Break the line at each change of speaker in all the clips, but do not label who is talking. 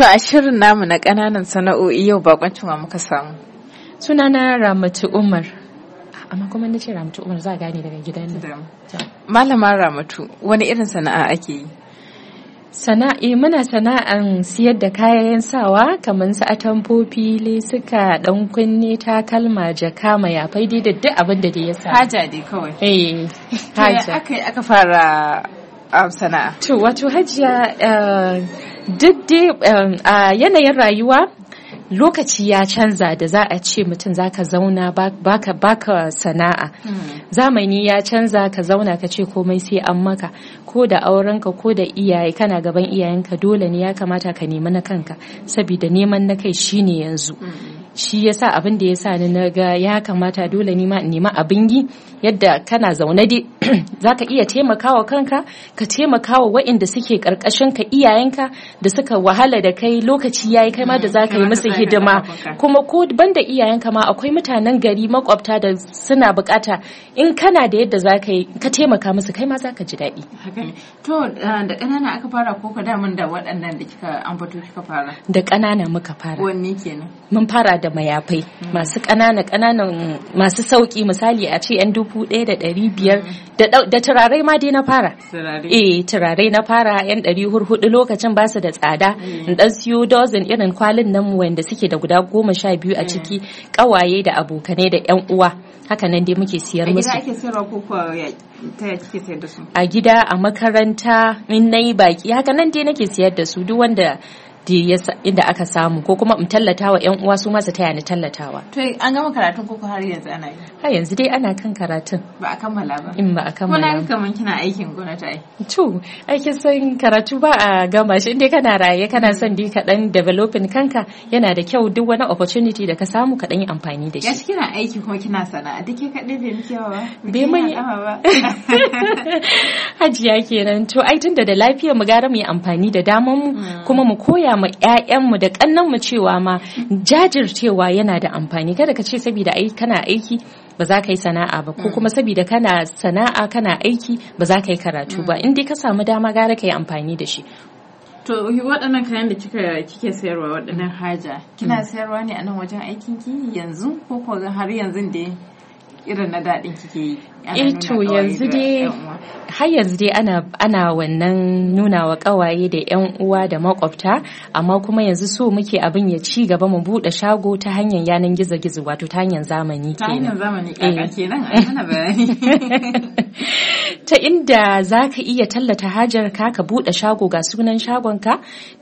To a shirin namu na ƙananan sana'o'i yau bakwancin wa muka samu. Sunana Ramatu Umar. Amma kuma na ce Ramatu Umar za a gane daga gidan nan. Malama Ramatu, wani irin sana'a ake yi? Sana'i muna sana'an siyar da kayan sawa kamar su atamfofi, lesuka, ɗan kunne, takalma, jaka, mayafai dai da duk abin da dai ya sa. Haja dai kawai. Eh, haja. aka aka fara um, sana'a? To wato hajiya eh, duk dai um, a yanayin rayuwa lokaci ya canza da za a ce mutum za ka zauna ba ka sana'a hmm. zamani ya canza ka zauna ka ce komai sai an maka ko da aurenka ko da iyaye kana gaban iyayenka dole ne ya kamata ka nemi na kanka saboda neman na kai shine yanzu hmm. shi yasa abin da yasa ni na ga ya kamata dole ni ma in nema abin yi yadda kana zaune dai ka iya taimakawa kanka ka taimakawa waɗanda suke karkashin ka iyayenka da suka wahala da kai lokaci yayi kai ma da mm, za ka yi musu hidima kuma ko banda iyayenka ma akwai mutanen gari makwabta da suna bukata in kana da yadda za ka yi ka taimaka musu kai ma ka ji daɗi to eh, da ƙanana aka fara ko ka da da waɗannan da kika ambato kika fara da ƙanana muka fara wanne kenan mun fara da mayafai masu ƙanana ƙananan masu sauƙi misali a ce yan dubu da biyar da turarai ma dai na fara eh turarai na fara yan ɗari hurhuɗu lokacin basu da tsada eh. in dan siyo dozen irin kwalin nan wanda suke da guda goma sha biyu a eh. ciki kawaye da abokanai da yan uwa haka nan dai muke siyar musu a gida a makaranta in nayi baki haka nan dai nake siyar da su duk wanda inda aka samu ko kuma in tallata wa yan uwa su ma su taya ni tallatawa. To an gama karatun ko har yanzu ana yi? Har yanzu dai ana kan karatun. Ba a kammala ba. In ba a kammala. Muna kaman kina aikin gwamnati ai. To aikin son karatu ba a gama shi inda kana raye kana mm. son dai ka dan developing kanka yana da kyau duk wani opportunity da ka samu ka dan yi amfani da shi. Gashi kina aiki kuma kina sana'a duk kaɗai bai miki yawa ba. Bai mai. Hajiya kenan to ai tunda da lafiya mu gara mu yi amfani da damar mu mm. kuma mu koya koya ma 'ya'yanmu da ƙannanmu cewa ma jajircewa yana da amfani kada ka ce saboda ai kana aiki ba za ka yi sana'a ba ko mm. kuma saboda kana sana'a kana aiki ba za ka yi karatu ba mm. in dai ka samu dama gara ka yi amfani da shi to waɗannan kayan da kika kike sayarwa waɗannan haja kina mm. sayarwa ne a nan wajen aikin ki yanzu ko ko har yanzu dai irin na daɗin kike yi eh, to yanzu dai har yanzu dai ana ana wannan nuna wa ƙawaye da yan uwa da makwabta amma kuma yanzu so muke abin ya ci gaba mu buɗe shago ta hanyar yanan gizo-gizo wato ta hanyar zamani kenan ta hanyar zamani eh. kenan ana bayani ta inda zaka iya tallata hajar ka ka buɗe shago ga sunan shagon ka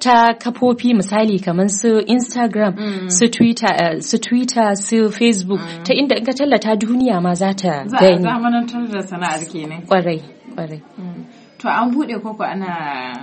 ta kafofi misali kamar su instagram mm. eh, su twitter su facebook mm. ta inda in ka tallata duniya duniya ma za ta gani zamanantar da sana'ar kenan kwarai kwarai mm. To an buɗe koko ana?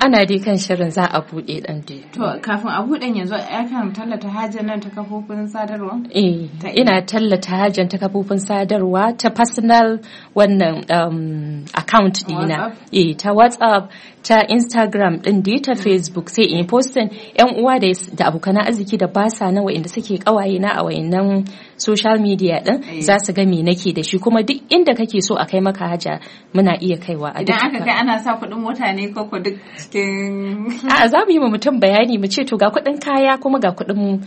Ana dai kan shirin za a buɗe ɗan dai. To kafin a buɗe yanzu kan tallata hajjan nan ta kafofin sadarwa? Eh, ina tallata hajjan ta kafofin sadarwa ta personal wannan um, account dina. Eh, ta WhatsApp, ta Instagram ɗin dai ta Facebook sai in postin yan uwa da abokan arziki da ba sa nan wa'inda suke kawaye na a wayannan social media ɗin eh. za su ga me nake da shi kuma duk inda kake so a kai maka haja muna iya kaiwa a duk. Idan aka kai ana sa kuɗin mota ne ko ko duk cikin a za mu yi ma mutum bayani mu ce to ga kuɗin kaya kuma ga kuɗin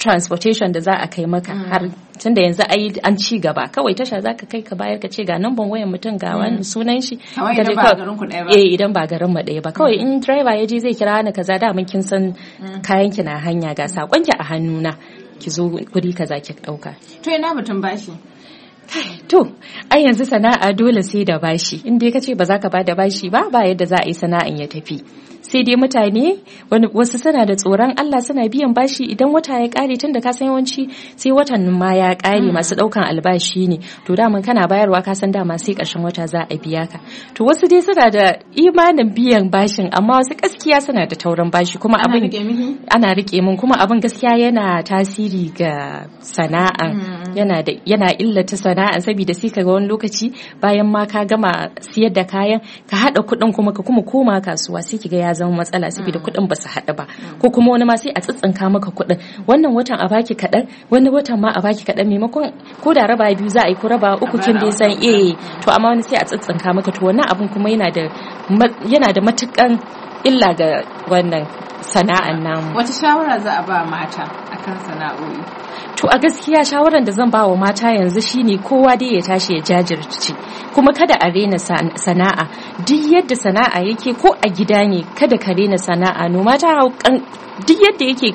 transportation da za a kai maka mm. har tun da yanzu ai an ci gaba kawai tasha za ka kai ka bayar ka ce ga namban wayan mutum ga mm. wani sunan shi idan ba garin eh idan ba garin mu ɗaya ba kawai mm. in driver ya je zai kira ni kaza da mun kin san kayan ki na hanya ga sakon a hannuna ki zo guri kaza ki dauka to ina mutum bashi To, ai yanzu sana'a dole sai da bashi. inda dai kace ba za ka bada bashi ba, ba yadda za a yi sana'an ya tafi. Sai dai mutane wasu suna da tsoron Allah suna biyan bashi idan wata ya kare tun da ka san yawanci sai watan ma ya kare masu daukan mm. albashi ne. To daman kana bayarwa ka san dama sai karshen wata za a biya ka. To wasu dai suna da imanin biyan bashin amma wasu gaskiya suna da taurin bashi kuma abin ana rike min kuma abin gaskiya yana tasiri ga sana'a. Mm. yana illa ta sana'a saboda sai ga wani lokaci bayan ma ka gama siyar da kayan ka haɗa kuɗin kuma ka kuma koma kasuwa sai ga ya zama matsala saboda kuɗin ba su hada ba mm. ko kuma wani ma sai a tsitsinka maka kuɗin wannan watan a baki kaɗan wani watan ma a baki kaɗan maimakon ko da raba biyu za a yi ko raba uku kin dai san eh to amma wani sai a tsitsinka maka to wannan abun kuma yana da yana da matukan illa ga wannan sana'an namu wata shawara za a ba mata akan sana'o'i to a gaskiya shawaran da zan ba wa mata yanzu shine kowa dai ya tashi ya jajirce kuma kada a rena sana'a duk yadda sana'a yake ko a gida ne kada ka rena sana'a no mata duk yadda yake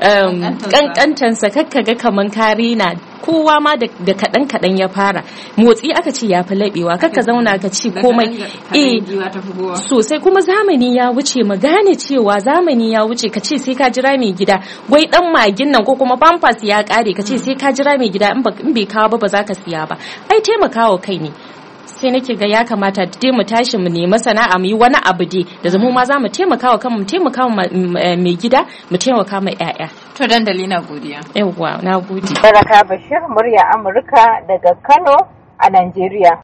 um, kankantansa kakka ga kaman ka rena kowa ma da kaɗan kaɗan ya fara motsi aka ce ya fi laɓewa kaka zauna ka ce komai e sosai kuma zamani ya wuce ma gane cewa zamani ya wuce ka ce sai ka jira mai gida gwai dan magin nan ko kuma pampers ya ƙare ka ce hmm. sai ka jira mai gida in bai kawo ba ba za ka siya ba ai taimakawa kai ne sai nake ga ya kamata dai mu tashi mu nemi sana'a mu yi wani abu dai da zamu ma za mu taimaka wa kanmu mu taimaka wa eh, mai gida mu taimaka wa ƴaƴa to dandali na godiya yawwa na gode baraka bashir murya amurka daga kano a najeriya